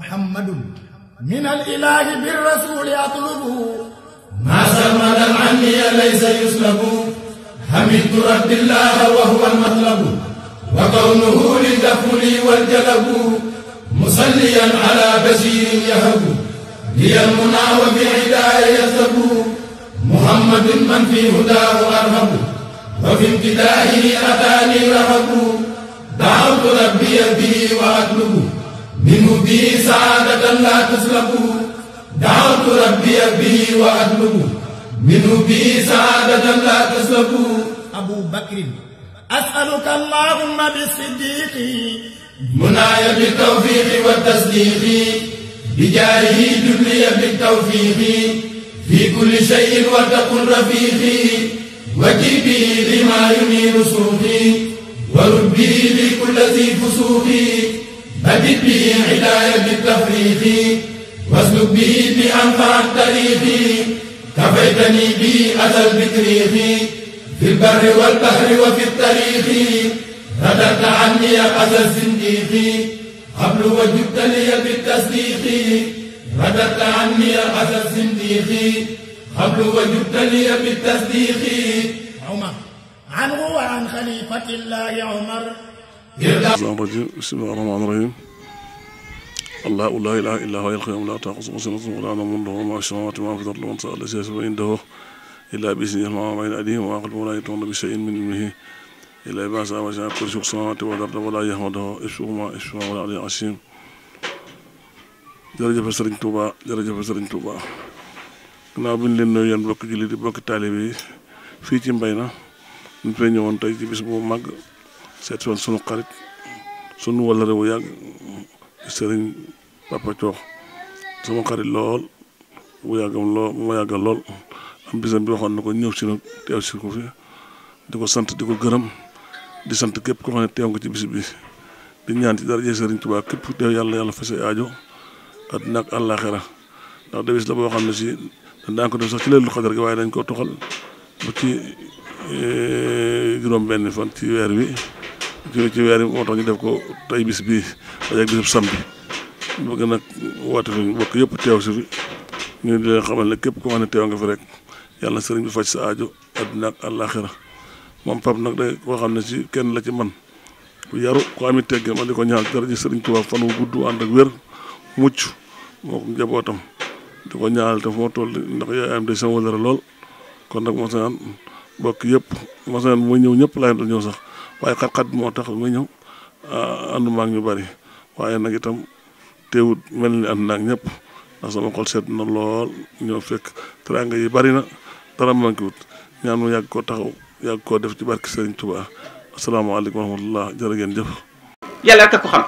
محمد من الإله بالرسول أطلبه ما سرمدا عني ليس يسلب حمدت رب الله وهو المطلب وكونه للدخول والجلب مصليا على بشير يهب لي المنى وبعداية يسلب محمد من في هداه أرهب وفي امتداهه أتاني رهب دعوت ربي به وأطلبه منه بي سعادة لا تسلب دعوت ربي به وأطلب منه بي سعادة لا تسلب أبو بكر أسألك اللهم بالصديق مناي بالتوفيق والتصديق بجاره دلي بالتوفيق في كل شيء وتكن رفيقي وجيبي لما ينير سوقي وربي لكل ذي فسوقي هدد به عناية بالتفريط واسلك به بأنفع التاريخ كفيتني به أذى البكريخ في البر والبحر وفي التاريخ ردت عني أذى الزنديق قبل وجبت لي بالتصديق ردت عني أذى الزنديق قبل وجبت لي بالتصديق عمر عنه وعن خليفة الله عمر الرحمن الرحيم بسم الله الرحمن الرحيم الله لا اله الا هو القيوم لا تاخذه سنه ولا نوم له ما السماوات وما في الارض ومن سال ليس عنده الا باذنه ما بين ايديهم وما خلفهم لا يتون بشيء من علمه الا ما شاء وسع كل السماوات والارض ولا يهمده اسمهما اسمه ولا علي عسيم jërëjëf sëriñ Touba jërëjëf sëriñ Touba gannaaw bi ñu leen nuyu yéen bokk jullit yi bokk taalibe yi fii ci mbay na ñu fee ñëwoon tey ci bis bu mag seet soon sunu xarit sunu wala réew yàgg sëriñ Papa suma sama xarit lool mu yàggam lool mu yàggal lool am bisam bi waxoon na ko ñëw si na teew si ko fi di ko sant di ko gërëm di sant képp ko xam ne teew nga ci bis bi di ñaan ci daraje sëriñ Tuubaa képp ku teew yàlla yàlla fase aajo àddina ak àllaaxira ndax de bis la boo xam ne si daan ko def sax ci leelu xadar gi waaye dañ koo toxal ba ci eh, juróom benn fan ci weer wi ci ci weer yi moo tax ñu def ko tey bis bii dajeeg bisub samedi ñu bëgg nag woote fi bokk yëpp teew si fi ñu di xamal ne képp ko xam ne teew nga fi rek yàlla sëriñ bi faj sa aajo adduna ak àllaaxira moom Pape nag day koo xam ne si kenn la ci man ku yaru ko amit teggee ma di ko ñaan dara ji sëriñ Tuubaa fan wu gudd ànd ak wér mucc moo ko ko ñaanal te moo ndax yaayam day sama wëlëra lool kon nag mosaan bokk yëpp mosaan mooy ñëw ñëpp laay doon ñëw sax waye xat-xat moo tax ma ñëw ah, ànduma ñu bari waye nak itam teewut melni and nak ñep na sama xol set na lool ñoo fekk teranga yi bari na dara manqué wut ñaan mu yag ko taxaw yag ko def ci serigne touba assalamu alaykum wa rahmatullah jere ngeen def yalla ak ko xam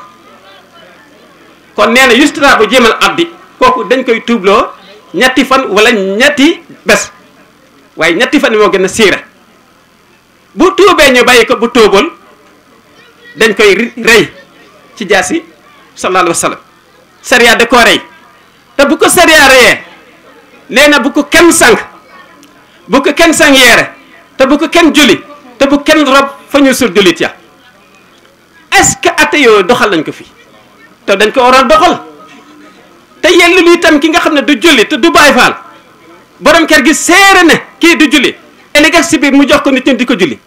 kon nee na ko jemal abdi koku dañ koy tublo ñetti fan wala ñetti bes waye ñetti fan mo gëna a tee ñu bàyyi ko bu togol dañ koy rey ci jasi sallallahu alaihi wasallam sharia sariya da buku rey te bu ko sharia reey nee bu ko ken sang bu ko ken sang yere ya, ta bu ko ken julli ta bu ken rob fa ñu sur jullit ya est-ce que atte doxal lañ ko fi ta dañ ko waroon doxal ta yellu li tam ki nga xamne du julli te du bay fal borom ker gi séré ne eh, ki du julli ëllëg si mu jox ko nit ñi julli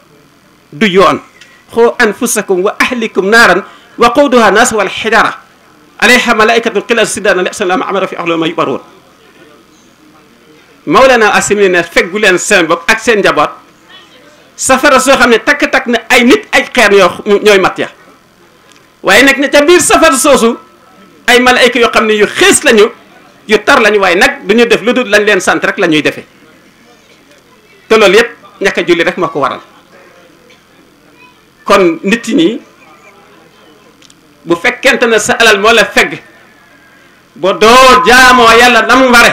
ديون خو أنفسكم وأهلكم نارا وقودها ناس والحجارة عليها ملائكة القلال سيدنا النبي صلى الله عليه في أهل ما يبرون مولانا أسمينا فقولين سنبوك أكسين جبار سفر سوى خمني تك تك أي نت أي خير نيوي ماتيا وينك نتبير سفر سوسو أي ملائكة يقمني يخيس لنيو يطر لنيو وإنك دنيو دف لدود لن لين لنيو دفه تلو ليب نكا جولي رك ما kon nit ñi bu fekkente ne sa alal moo la fegg bo doo jaamoo yàlla nam ware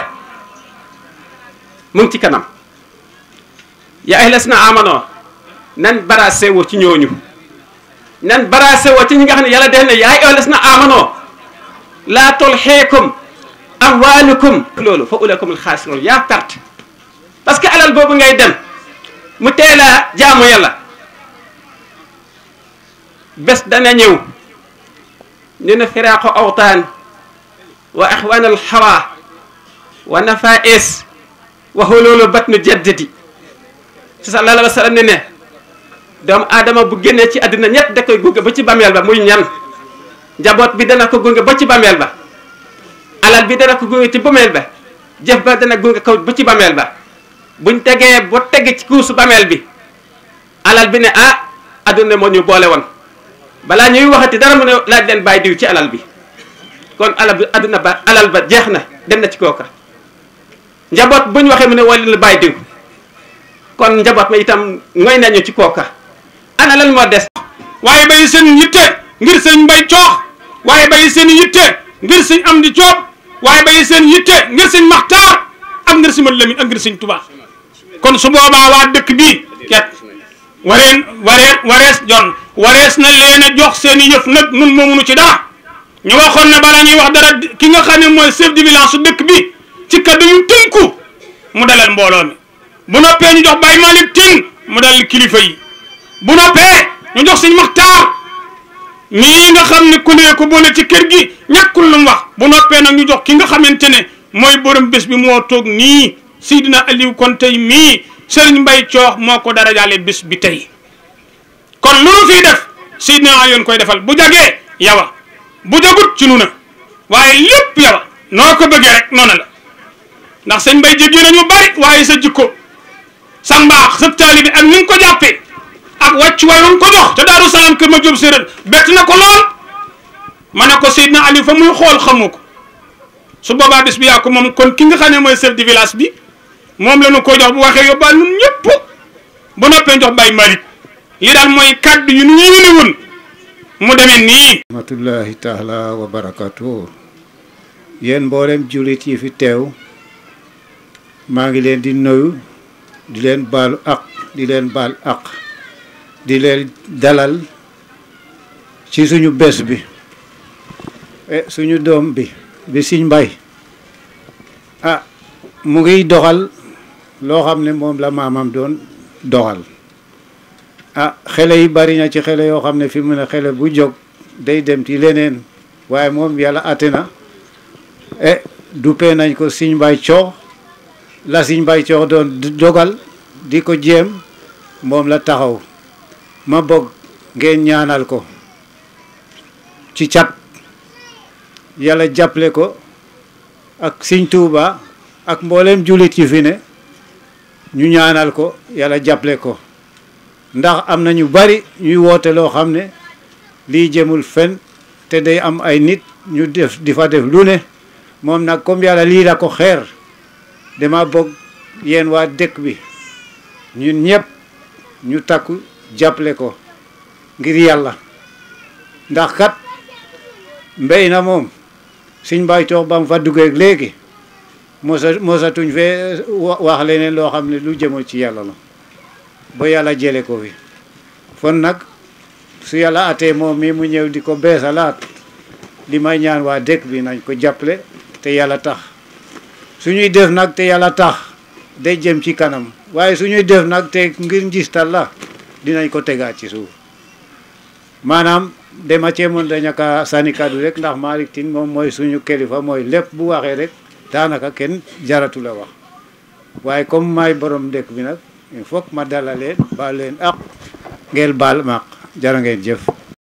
mu ngi ci kanam ya ahlas na nan barase wo ci ñooñu nan barase wo ci ñi nga xam ne yàlla def ne yaa ahlas na la laa tulhiikum amwalukum loolu fa ulakumul xaasiroon yaa perte parce que alal boobu ngay dem mu teela jaamu yàlla bés dana ñëw nee na firaaqu awtaan wa axwaan alxawa wa nafais wa xoloolu batnu jaddati sallallahu alayhi wa sallam ne ne doomu aadama bu génnee ci àddina ñett da koy gunge ba ci bameel ba muy ñan njaboot bi dana ko gunge ba ci bàmmeel ba alal bi dana ko gunge ci bàmmeel ba jëf ba dana gunge kaw ba ci bameel ba buñ tegee ba teg ci kuusu bàmmeel bi alal bi ne ah àdduna moo ñu boole woon balaa ñuy waxati dara mu ne laaj den bàyyi diw ci alal bi kon alal bi àdduna ba alal ba jeex na dem na ci kooka njaboot bu ñu waxee mu ne wala bàyyi diw kon njaboot ma itam ngoy nañu ci kooka ana lan moo des waaye bàyyi seen yitte ngir sëñ mbay coox waaye bàyyi seen yitte ngir sëñ am di coob waaye bàyyi seen yitte ngir sëñ maxtaar ak ngir si ma lamin ak ngir tubaa kon su boobaa waa dëkk bii wareen waree warees jon warees na leen a jox seen i yëf nag nun moomuñu ci daa ñu waxoon na balaa ñuy wax dara ki nga xam mooy chef de village su dëkk bi ci kaddu yu tënku mu dalal mbooloo mi bu noppee ñu jox Baye Malick Tine mu dalal kilifa yi bu noppee ñu jox sëñ Maxtaar mii nga xam ne ku ne ko boole ci kër gi ñàkkul lu mu wax bu noppee nag ñu jox ki nga xamante ne mooy borom bés bi moo toog nii Seydina Aliou kon tey mii sëriñ Mbay Coox moo ko dara jaale bis bi tey kon lu nu fii def Seydina Alioune koy defal bu jagee yawa bu jagut ci nu na waaye yépp yawa noo ko bëggee rek noona la ndax sëñ Mbay jéggi nañu bari waaye sa jikko sa mbaax sa bi ak ni nga ko jàppee ak wàcc waay woon ko jox te Daaru Salaam kër ma Jóob séeréer bett na ko lool ma ne ko Seydina Aliou fa muy xool xamu ko su boobaa bis bi yaa ko moom kon ki nga xam ne mooy chef de village bi moom la ñu ko jox bu waxee yóbbaal ñun ñëpp noppee jox Baye Malick li daal mooy kàddu yu ñu yéene woon mu demee nii. rahmatullahi mboolem jullit yi fi teew maa ngi leen di nuyu di leen baalu ak di leen baal ak di leen dalal ci suñu bés bi e, suñu doom bi bi siñ mbay ah mu ngiy doxal loo xam ne moom la maamam doon doxal a ah, xele yi bari na ci xele yoo xam ne fi mu a xele bu jóg day dem ci leneen waaye moom yàlla àtte na e duppee nañ ko siñ bay coox la siñ mbay coox doon dogal di ko jéem moom la taxaw ma bog ngeen ñaanal ko ci cat yàlla jàppale ko ak siñ tuuba ak mboolem jullit yi fi ne ñu ñaanal ko yàlla jàppale ko ndax am na ñu bari ñuy woote loo xam ne li jëmul fen te day am ay nit ñu def di fa def lu ne moom nag comme yàlla lii la ko xeer dama bëgg yéen waa dëkk bi ñu ñëpp ñu takku jàppale ko ngir yàlla ndax kat mbéy na moom suñ mbaay toox bam fa duggeek léegi mosa mosatuñ fee wax leneen loo xam ne lu jëmoo ci yàlla la ba yàlla jële ko fi kon nag su yàlla atee moom mii mu ñëw di ko beesalaat li may ñaan waa dëkk bi nañ ko jàppale te yàlla tax suñuy def nag te yàlla tax day jëm ci kanam waaye suñuy def nag te ngir njistal la dinañ ko tegaat ci suuf maanaam dama cee mën dañaka sànni kàddu rek ndax Malick Tine moom mooy suñu kilifa mooy lépp bu waxee rek daanaka kenn jaratula la wax waaye comme maay borom dëkk bi nag il ma dalaleen baal leen ak ngeen baal maak jërë ngeen jëf